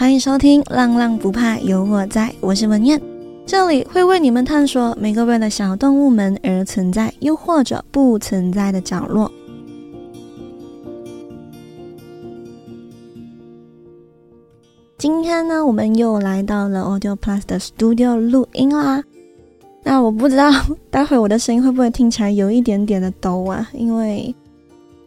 歡迎收聽《浪浪不怕有我在》，我是文燕，這裡會為你們探索每個為了小動物們而存在，又或者不存在的角落。今天呢，我們又來到了 Audio Plus 的 Studio 錄音啦。那我不知道待會我的聲音會不會聽起來有一點點的抖啊，因為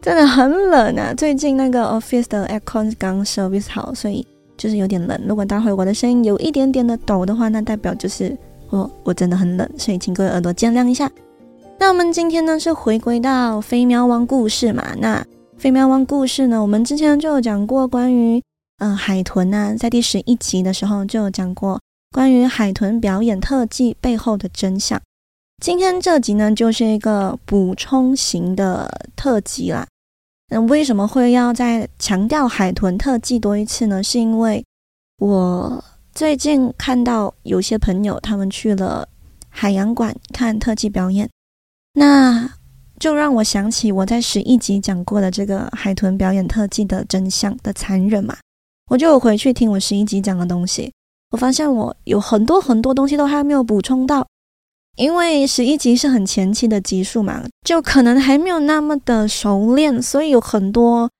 真的很冷啊。最近那個 Office 的 Aircon 剛 service 好，所以。就是有點冷。如果待會我的聲音有一點點的抖的話，那代表就是我、哦、我真的很冷，所以請各位耳朵見諒一下。那我們今天呢是回歸到非喵汪故事嘛？那非喵汪故事呢，我們之前就有講過關於嗯、呃、海豚吶、啊，在第十一集的時候就有講過關於海豚表演特技背後的真相。今天這集呢就是一個補充型的特輯啦。那為什麼會要再強調海豚特技多一次呢？是因為我最近看到有些朋友他們去了海洋館看特技表演，那就讓我想起我在十一集講過的這個海豚表演特技的真相的殘忍嘛。我就回去聽我十一集講的東西，我發現我有很多很多東西都還沒有補充到。因為十一集是很前期的集數嘛，就可能還沒有那麼的熟練，所以有很多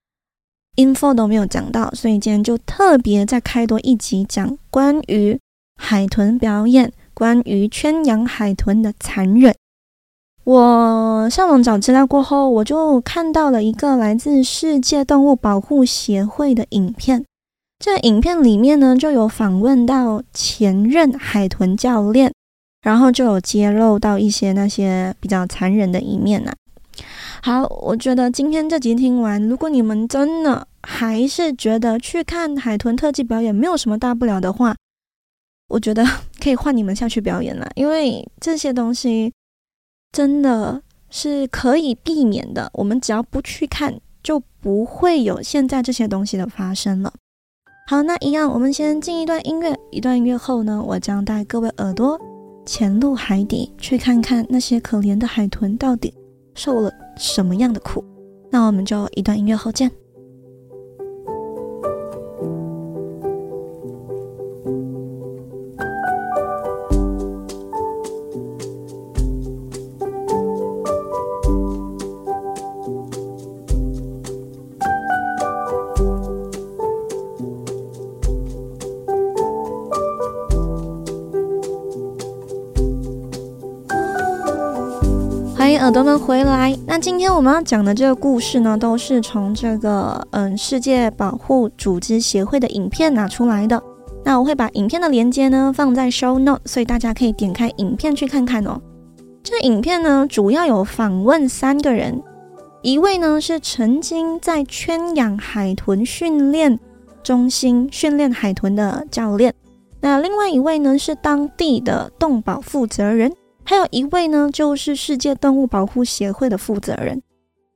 info 都沒有講到，所以今天就特別再開多一集講關於海豚表演、關於圈養海豚的殘忍。我上網找資料過後，我就看到了一個來自世界動物保護協會的影片。這影片裡面呢，就有訪問到前任海豚教練。然後就有揭露到一些那些比較殘忍的一面吶、啊。好，我覺得今天這集聽完，如果你們真的還是覺得去看海豚特技表演沒有什麼大不了的話，我覺得可以換你們下去表演了，因為這些東西真的是可以避免的。我們只要不去看，就不會有現在這些東西的發生了。好，那一樣，我們先進一段音樂，一段音樂後呢，我將帶各位耳朵。潛入海底去看看那些可憐的海豚到底受了什麼樣的苦。那我們就一段音樂後見。我們回來，那今天我們要講的這個故事呢，都是從這個嗯世界保護組織協會的影片拿出來的。那我會把影片的連接呢放在 show note，所以大家可以點開影片去看看哦。這個影片呢主要有訪問三個人，一位呢是曾經在圈養海豚訓練中心訓練海豚的教練，那另外一位呢是當地的動保負責人。還有一位呢，就是世界動物保護協會的負責人。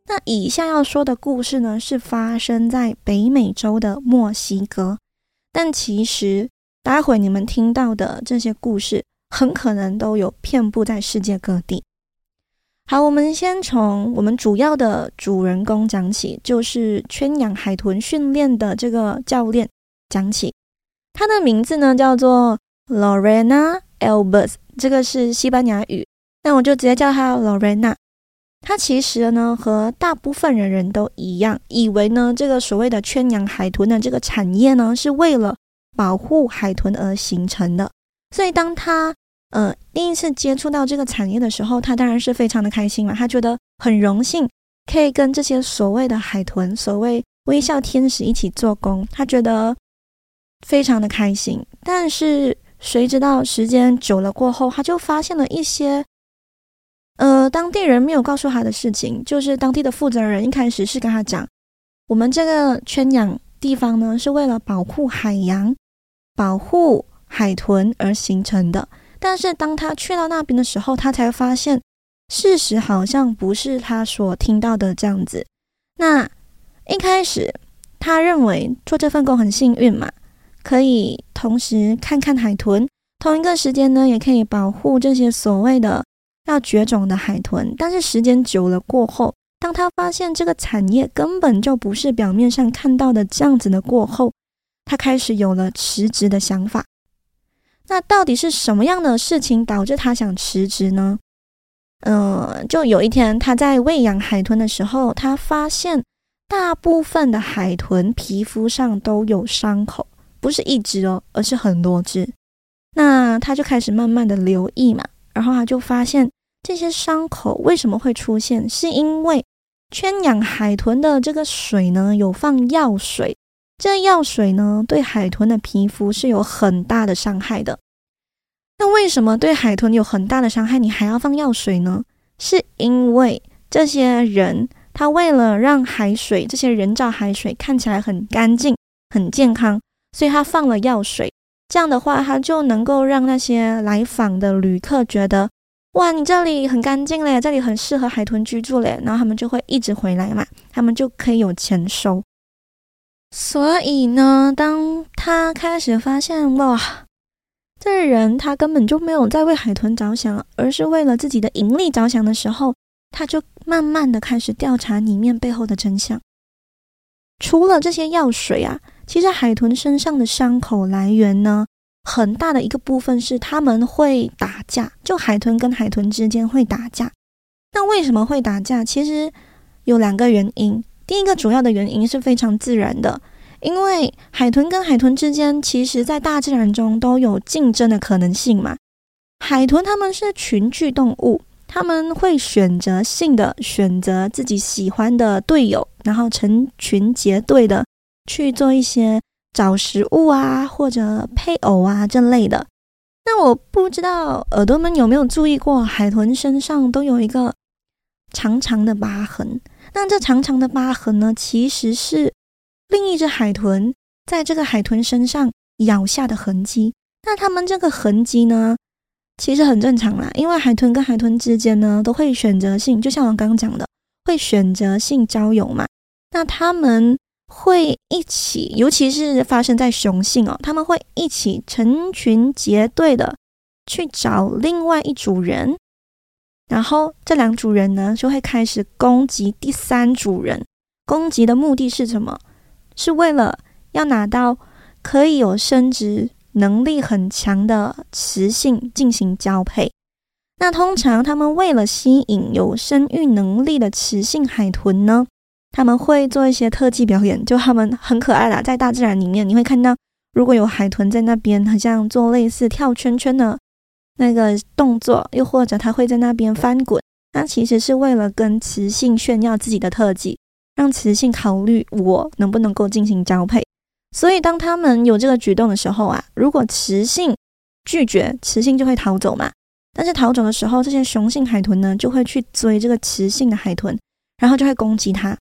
那以下要說的故事呢，是發生在北美洲的墨西哥。但其實，待會你們聽到的這些故事，很可能都有遍布在世界各地。好，我們先從我們主要的主人公講起，就是圈養海豚訓練的這個教練講起。他的名字呢，叫做 Lorena。Elbert 這個是西班牙語，那我就直接叫他 Lorena。他其實呢，和大部分人人都一樣，以為呢，這個所謂的圈養海豚的這個產業呢，是為了保護海豚而形成的。所以，當他呃第一次接觸到這個產業的時候，他當然是非常的開心嘛，他覺得很榮幸可以跟這些所謂的海豚、所謂微笑天使一起做工，他覺得非常的開心。但是，誰知道時間久了過後，他就發現了一些，呃，當地人沒有告訴他的事情，就是當地的負責人一開始是跟他講，我們這個圈養地方呢是為了保護海洋、保護海豚而形成的。但是當他去到那邊的時候，他才發現事實好像不是他所聽到的這樣子。那一開始他認為做這份工很幸運嘛。可以同時看看海豚，同一個時間呢，也可以保護這些所謂的要絕種的海豚。但是時間久了過後，當他發現這個產業根本就不是表面上看到的這樣子的過後，他開始有了辭職的想法。那到底是什麼樣的事情導致他想辭職呢？嗯、呃，就有一天他在餵養海豚的時候，他發現大部分的海豚皮膚上都有傷口。不是一隻哦，而是很多隻。那他就開始慢慢的留意嘛，然後他就發現這些傷口為什麼會出現？是因為圈養海豚的這個水呢，有放藥水，這藥水呢，對海豚的皮膚是有很大的傷害的。那為什麼對海豚有很大的傷害，你還要放藥水呢？是因為這些人他為了讓海水，這些人造海水看起來很乾淨、很健康。所以他放了藥水，這樣的話他就能夠讓那些來訪的旅客覺得，哇，你這裡很乾淨嘞，這裡很適合海豚居住嘞，然後他們就會一直回來嘛，他們就可以有錢收。所以呢，當他開始發現哇，這人他根本就沒有在為海豚着想，而是為了自己的盈利着想的時候，他就慢慢的開始調查裡面背後的真相。除了這些藥水啊，其實海豚身上的傷口來源呢，很大的一個部分是他們會打架，就海豚跟海豚之間會打架。那為什麼會打架？其實有兩個原因。第一個主要的原因是非常自然的，因為海豚跟海豚之間，其實，在大自然中都有競爭的可能性嘛。海豚他們是群居動物，他們會選擇性的選擇自己喜歡的隊友，然後成群結隊的。去做一些找食物啊，或者配偶啊這類的。那我不知道耳朵們有沒有注意過，海豚身上都有一個長長的疤痕。那這長長的疤痕呢，其實是另一隻海豚在這個海豚身上咬下的痕跡。那他們這個痕跡呢，其實很正常啦，因為海豚跟海豚之間呢，都會選擇性，就像我剛剛講的，會選擇性交友嘛。那他們。會一起，尤其是發生在雄性哦，他們會一起成群結隊的去找另外一組人，然後這兩組人呢就會開始攻擊第三組人。攻擊的目的是什麼？是為了要拿到可以有生殖能力很強的雌性進行交配。那通常他們為了吸引有生育能力的雌性海豚呢？他們會做一些特技表演，就他們很可愛啦。在大自然裡面，你會看到，如果有海豚在那邊，好像做類似跳圈圈的那個動作，又或者他會在那邊翻滾。那其實是為了跟雌性炫耀自己的特技，讓雌性考慮我能不能夠進行交配。所以當他們有這個舉動的時候啊，如果雌性拒絕，雌性就會逃走嘛。但是逃走的時候，這些雄性海豚呢就會去追這個雌性的海豚，然後就會攻擊它。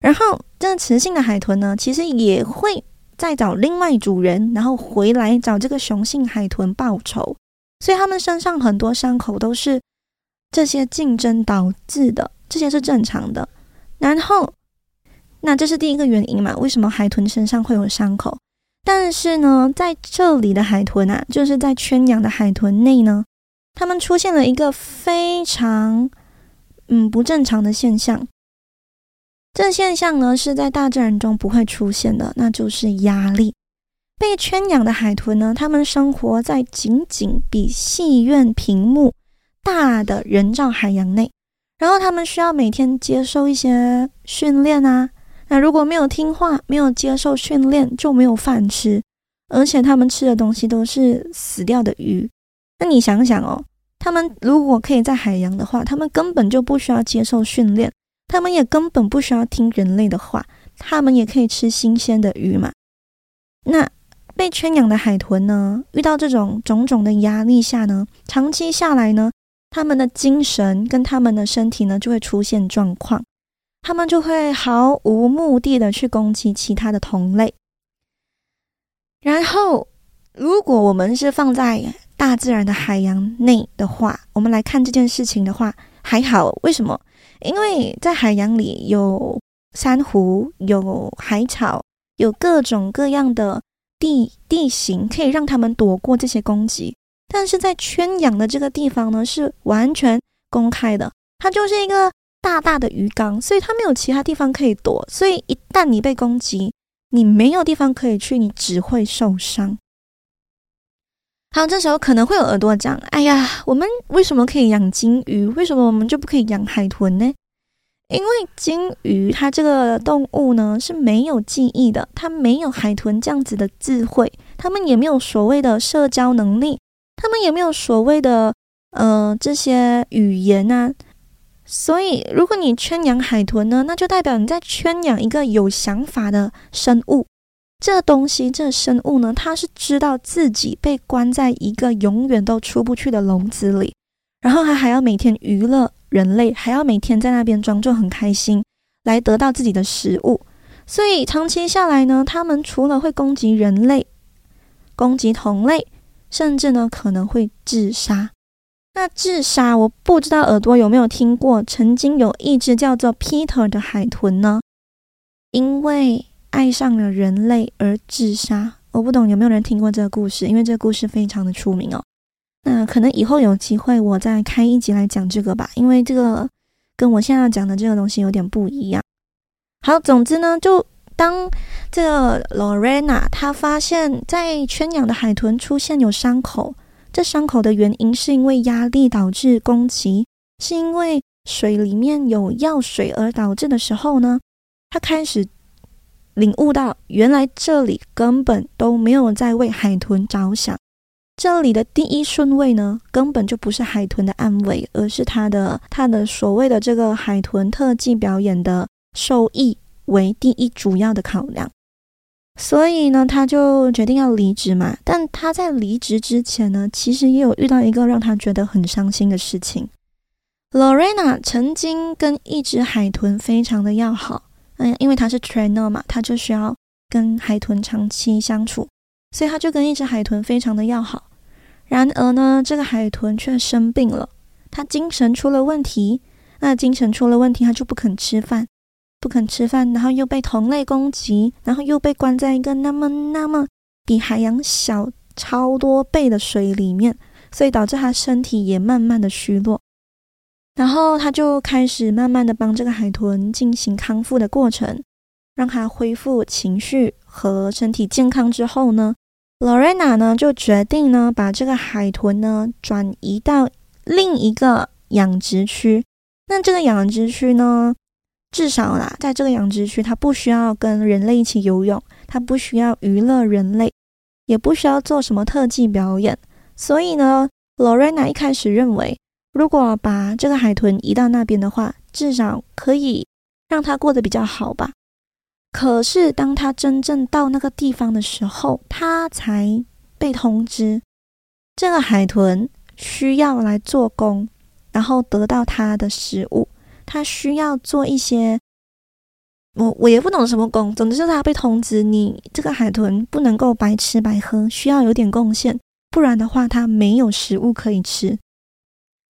然後，這雌性的海豚呢，其實也會再找另外主人，然後回來找這個雄性海豚報仇，所以它們身上很多傷口都是這些競爭導致的，這些是正常的。然後，那這是第一個原因嘛？為什麼海豚身上會有傷口？但是呢，在這裡的海豚啊，就是在圈養的海豚內呢，它們出現了一個非常嗯不正常的現象。這現象呢，是在大自然中不會出現的，那就是壓力。被圈養的海豚呢，它們生活在僅僅比戲院屏幕大的人造海洋內，然後他們需要每天接受一些訓練啊。那如果沒有聽話，沒有接受訓練，就沒有飯吃。而且他們吃的東西都是死掉的魚。那你想想哦，他們如果可以在海洋的話，他們根本就不需要接受訓練。他們也根本不需要聽人類的話，他們也可以吃新鮮的魚嘛。那被圈養的海豚呢，遇到這種種種的壓力下呢，長期下來呢，他們的精神跟他們的身體呢就會出現狀況，他們就會毫無目的的去攻擊其他的同類。然後，如果我們是放在大自然的海洋內的話，我們來看這件事情的話，還好，為什麼？因為在海洋裡有珊瑚、有海草、有各種各樣的地地形，可以讓他們躲過這些攻擊。但是在圈養的這個地方呢，是完全公開的，它就是一個大大的魚缸，所以它沒有其他地方可以躲。所以一旦你被攻擊，你沒有地方可以去，你只會受傷。好，這時候可能會有耳朵講：“哎呀，我們為什麼可以養金魚？為什麼我們就不可以養海豚呢？”因為金魚它這個動物呢是沒有記憶的，它沒有海豚這樣子的智慧，它們也沒有所謂的社交能力，它們也沒有所謂的呃這些語言啊。所以，如果你圈養海豚呢，那就代表你在圈養一個有想法的生物。這東西，這生物呢，它是知道自己被關在一個永遠都出不去的籠子裡，然後它還要每天娛樂人類，還要每天在那邊裝作很開心來得到自己的食物。所以長期下來呢，它們除了會攻擊人類、攻擊同類，甚至呢可能會自殺。那自殺，我不知道耳朵有沒有聽過，曾經有一隻叫做 Peter 的海豚呢，因為。愛上了人類而自殺，我不懂有沒有人聽過這個故事，因為這個故事非常的出名哦。那可能以後有機會，我再開一集來講這個吧，因為這個跟我現在講的這個東西有點不一樣。好，總之呢，就當這個羅瑞娜她發現在圈養的海豚出現有傷口，這傷口的原因是因為壓力導致攻擊，是因為水裡面有藥水而導致的時候呢，她開始。領悟到，原來這裡根本都沒有在為海豚着想。這裡的第一順位呢，根本就不是海豚的安危，而是他的他的所謂的這個海豚特技表演的收益，為第一主要的考量。所以呢，他就決定要離職嘛。但他在離職之前呢，其實也有遇到一個讓他覺得很傷心的事情。Lorena 曾經跟一隻海豚非常的要好。嗯，因為他是 trainer 嘛，他就需要跟海豚長期相處，所以他就跟一隻海豚非常的要好。然而呢，這個海豚卻生病了，它精神出了問題。那精神出了問題，它就不肯吃飯，不肯吃飯，然後又被同類攻擊，然後又被關在一個那麼那麼比海洋小超多倍的水裡面，所以導致他身體也慢慢的虛弱。然後他就開始慢慢的幫這個海豚進行康復的過程，讓它恢復情緒和身體健康之後呢，羅瑞娜呢就決定呢把這個海豚呢轉移到另一個養殖區。那這個養殖區呢，至少啦，在這個養殖區它不需要跟人類一起游泳，它不需要娛樂人類，也不需要做什麼特技表演。所以呢，羅瑞娜一開始認為。如果把這個海豚移到那邊的話，至少可以讓它過得比較好吧。可是，當它真正到那個地方的時候，它才被通知，這個海豚需要來做工，然後得到它的食物。它需要做一些，我我也不懂什麼工，總之就是他被通知你，你這個海豚不能夠白吃白喝，需要有點貢獻，不然的話，它沒有食物可以吃。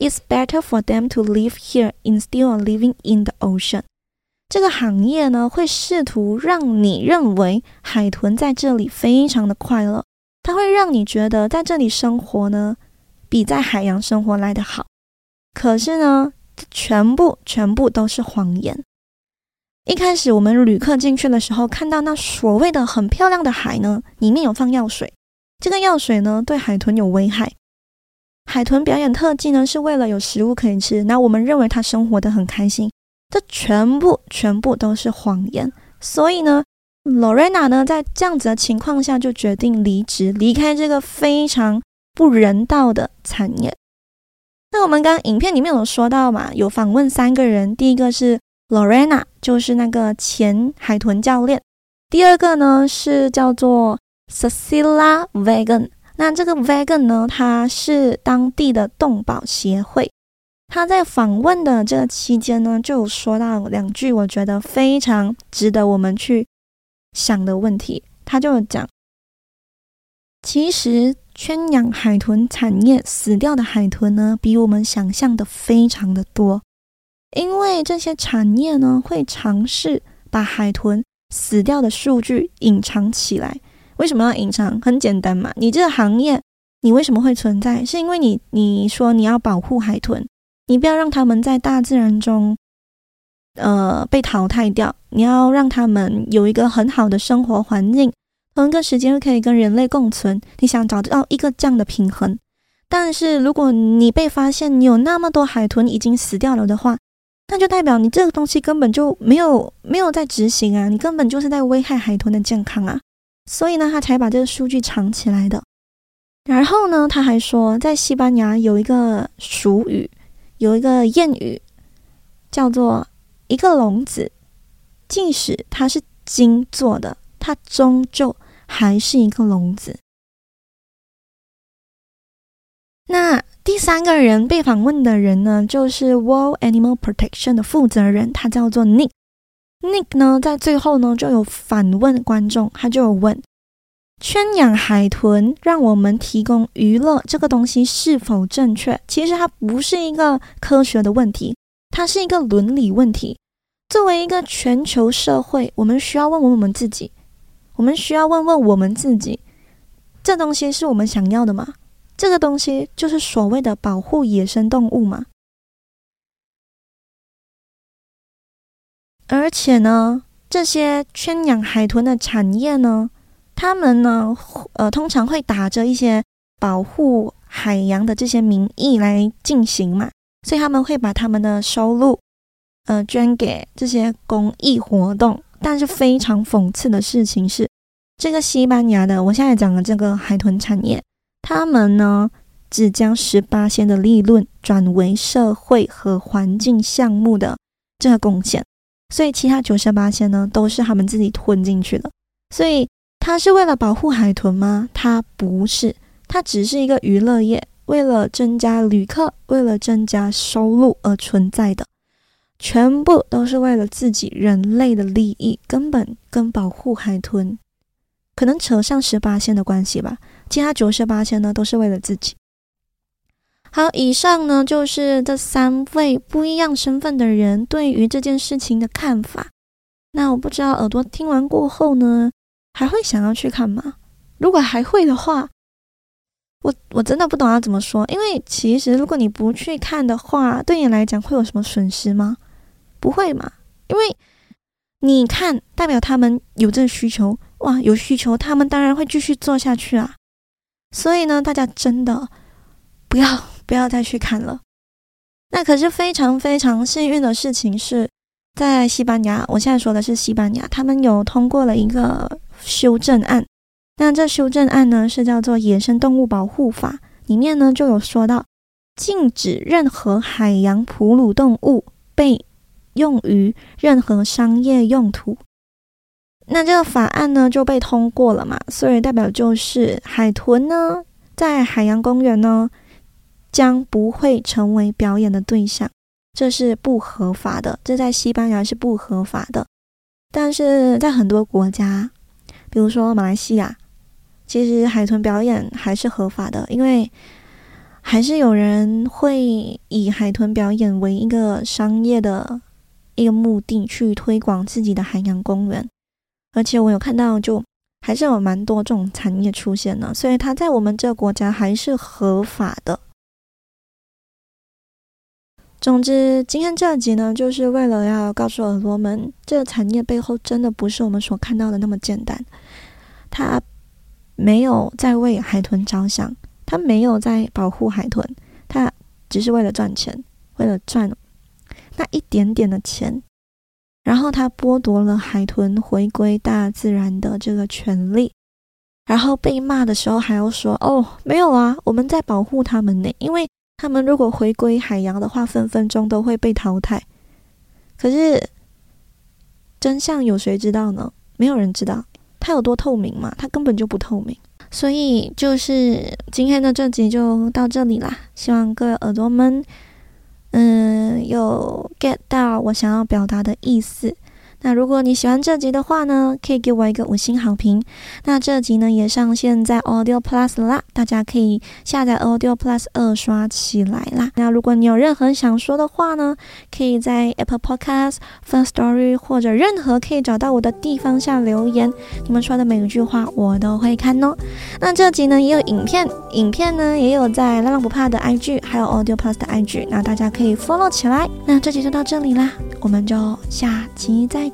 It's better for them to live here instead of living in the ocean。這個行業呢，會試圖讓你認為海豚在這裡非常的快樂，它會讓你覺得在這裡生活呢，比在海洋生活來得好。可是呢，這全部全部都是謊言。一開始我們旅客進去的時候，看到那所謂的很漂亮的海呢，裡面有放藥水，這個藥水呢，對海豚有危害。海豚表演特技呢，是為了有食物可以吃。那我們認為它生活得很開心，這全部，全部都是謊言。所以呢，Lorena 呢，在這樣子的情況下就決定離職，離開這個非常不人道的產業。那我們剛剛影片裡面有說到嘛，有訪問三個人，第一個是 Lorena，就是那個前海豚教練。第二個呢，是叫做 Sasila Wagan 那這個 Vegan 呢，他是當地的動保協會。他在訪問的這個期間呢，就說到兩句我覺得非常值得我們去想的問題。他就講，其實圈養海豚產業死掉的海豚呢，比我們想象的非常的多，因為這些產業呢，會嘗試把海豚死掉的數據隱藏起來。為什麼要隱藏？很簡單嘛，你這個行業，你為什麼會存在？是因為你，你說你要保護海豚，你不要讓他們在大自然中，呃，被淘汰掉，你要讓他們有一個很好的生活環境，同一個時間又可以跟人類共存，你想找到一個這樣的平衡。但是如果你被發現你有那麼多海豚已經死掉了的話，那就代表你這個東西根本就沒有沒有在執行啊，你根本就是在危害海豚的健康啊。所以呢，他才把這個數據藏起來的。然後呢，他還說，在西班牙有一個俗語，有一個諺語，叫做“一個籠子，即使它是金做的，它終究還是一個籠子”那。那第三個人被訪問的人呢，就是 World Animal Protection 的負責人，他叫做 Nick。Nick 呢，在最後呢，就有反問觀眾，他就有問：圈養海豚讓我們提供娛樂，這個東西是否正確？其實它不是一個科學的問題，它是一個倫理問題。作為一個全球社會，我們需要問問我們自己，我們需要問問我們自己，這東西是我們想要的嗎？這個東西就是所謂的保護野生動物嗎？而且呢，這些圈養海豚的產業呢，他們呢，呃，通常會打着一些保護海洋的這些名義來進行嘛，所以他們會把他們的收入，呃，捐給這些公益活動。但是非常諷刺的事情是，這個西班牙的，我現在講的這個海豚產業，他們呢，只將十八仙的利潤轉為社會和環境項目的這個貢獻。所以其他九十八巴仙呢，都是他們自己吞進去的。所以他是為了保護海豚嗎？他不是，他只是一個娛樂業，為了增加旅客，為了增加收入而存在的，全部都是為了自己人類的利益，根本跟保護海豚可能扯上十巴仙的關係吧。其他九十八巴仙呢，都是為了自己。好，以上呢就是這三位不一樣身份的人對於這件事情的看法。那我不知道耳朵聽完過後呢，還會想要去看嗎？如果還會的話，我我真的不懂要怎麼說，因為其實如果你不去看的話，對你來講會有什麼損失嗎？不會嘛，因為你看代表他們有這個需求，哇，有需求他們當然會繼續做下去啊。所以呢，大家真的不要。不要再去看了。那可是非常非常幸運的事情，是在西班牙。我現在說的是西班牙，他們有通過了一個修正案。那這修正案呢，是叫做《野生動物保護法》，裡面呢就有說到禁止任何海洋哺乳動物被用於任何商業用途。那這個法案呢就被通過了嘛，所以代表就是海豚呢，在海洋公園呢。將不會成為表演的對象，這是不合法的。這在西班牙是不合法的，但是在很多國家，比如說馬來西亞，其實海豚表演還是合法的，因為還是有人會以海豚表演為一個商業的一個目的去推廣自己的海洋公園，而且我有看到，就還是有蠻多這種產業出現的，所以它在我們這個國家還是合法的。總之，今天這集呢，就是為了要告訴耳朵們，這個產業背後真的不是我們所看到的那麼簡單。他沒有在為海豚着想，他沒有在保護海豚，他只是為了賺錢，為了賺那一點點的錢。然後他剝奪了海豚回歸大自然的這個權利，然後被罵的時候還要說：“哦，沒有啊，我們在保護他們呢，因為……”他們如果回歸海洋的話，分分鐘都會被淘汰。可是真相有誰知道呢？沒有人知道，它有多透明嘛？它根本就不透明。所以，就是今天的這集就到這裡啦。希望各位耳朵們，嗯，有 get 到我想要表達的意思。那如果你喜歡這集的話呢，可以給我一個五星好評。那這集呢也上線在 Audio Plus 啦，大家可以下載 Audio Plus 二刷起來啦。那如果你有任何想說的話呢，可以在 Apple Podcast、Firstory 或者任何可以找到我的地方下留言，你們說的每一句話我都會看哦。那這集呢也有影片，影片呢也有在浪浪不怕的 IG，還有 Audio Plus 的 IG，那大家可以 follow 起來。那這集就到這裡啦，我們就下集再見。